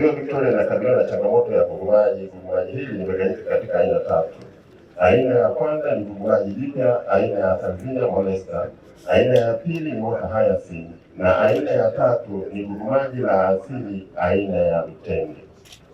Ziwa Victoria inakabiliwa na changamoto ya gugumaji. Gugumaji hili limegawanyika katika aina tatu. Aina ya kwanza ni gugumaji jipya, aina ya Salvinia molesta, aina ya pili Mota Hyacinth na aina ya tatu ni gugumaji la asili aina ya mtende.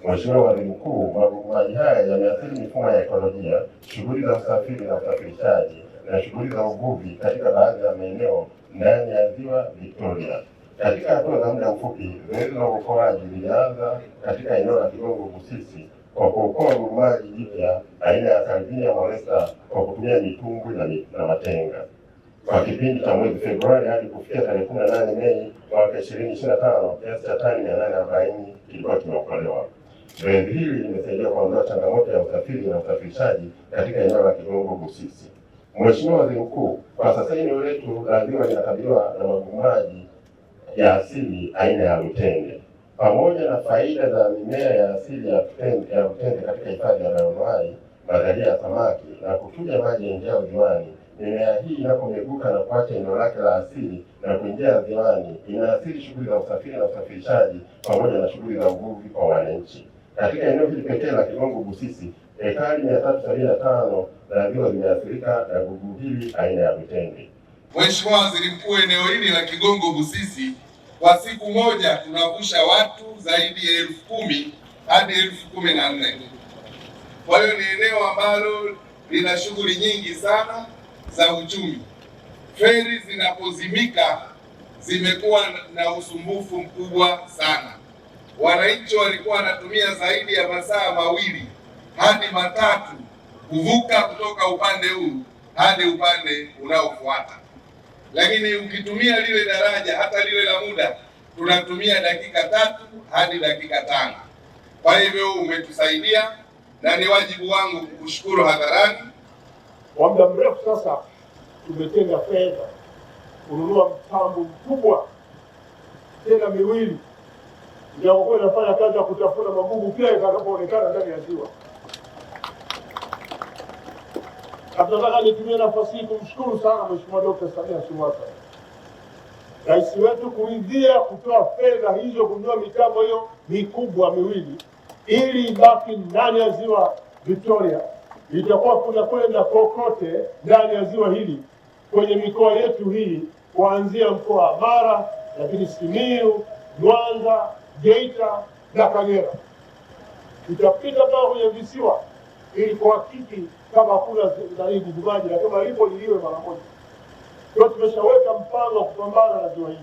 Mheshimiwa Waziri Mkuu, magugumaji haya yameathiri mifumo ya ekolojia, shughuli za usafiri na usafirishaji na shughuli za uvuvi katika baadhi ya maeneo ndani ya Ziwa Victoria. Katika hatua za muda mfupi, zoezi la uokoaji lilianza katika eneo la Kigongo Busisi kwa kuokoa gurumaji jipya aina ya Salvinia molesta kwa kutumia mitumbwi na, na matenga kwa kipindi cha mwezi Februari hadi kufikia tarehe 18 Mei mwaka 2025, kiasi cha tani 840 kilikuwa kimeokolewa. Zoezi hili limesaidia kuondoa changamoto ya usafiri na usafirishaji katika eneo la Kigongo Busisi. Mheshimiwa Waziri Mkuu, kwa sasa eneo letu la ziwa linakabiliwa na magumaji ya asili aina ya rutenge. pamoja na faida za mimea ya asili ya rutenge, ya rutenge katika hifadhi ya Bioanuwai, mazalia ya samaki na kutuja maji ya njia ziwani. Mimea hii inapomeguka na kuacha eneo lake la asili na kuingia ziwani, inaathiri shughuli za usafiri na usafirishaji pamoja na shughuli za uvuvi kwa wananchi. Katika eneo hili pekee la Kigongo Busisi, ekari mia tatu sabini na tano za ziwa zimeathirika na gugu hili aina ya rutenge. Mheshimiwa Waziri Mkuu, eneo hili la Kigongo Busisi kwa siku moja tunavusha watu zaidi ya elfu kumi hadi elfu kumi na nne. Kwa hiyo ni eneo ambalo lina shughuli nyingi sana za uchumi. Feri zinapozimika zimekuwa na usumbufu mkubwa sana. Wananchi walikuwa wanatumia zaidi ya masaa mawili hadi matatu kuvuka kutoka upande huu hadi upande unaofuata lakini ukitumia lile daraja hata lile la muda tunatumia dakika tatu hadi dakika tano. Kwa hivyo umetusaidia na ni wajibu wangu kukushukuru hadharani. Kwa muda mrefu sasa tumetenga fedha kununua mtambo mkubwa tena miwili, ndio kwa inafanya kazi ya kutafuna magugu pia itakapoonekana ndani ya ziwa na tunataka nitumie nafasi hii kumshukuru sana Mheshimiwa Dkt. Samia Suluhu Hassan, rais wetu, kuridhia kutoa fedha hizo kununua mitambo hiyo mikubwa miwili ili ibaki ndani ya ziwa Victoria. Itakuwa kuna kwenda kokote ndani ya ziwa hili kwenye mikoa yetu hii kuanzia mkoa wa Mara, lakini Simiyu, Mwanza, Geita na Kagera, itapita mpaka kwenye visiwa ili kuhakiki kama hakuna nani gugumaji, na kama ilipo iliwe mara moja. Kwa tumeshaweka mpango wa kupambana na ziwa hili.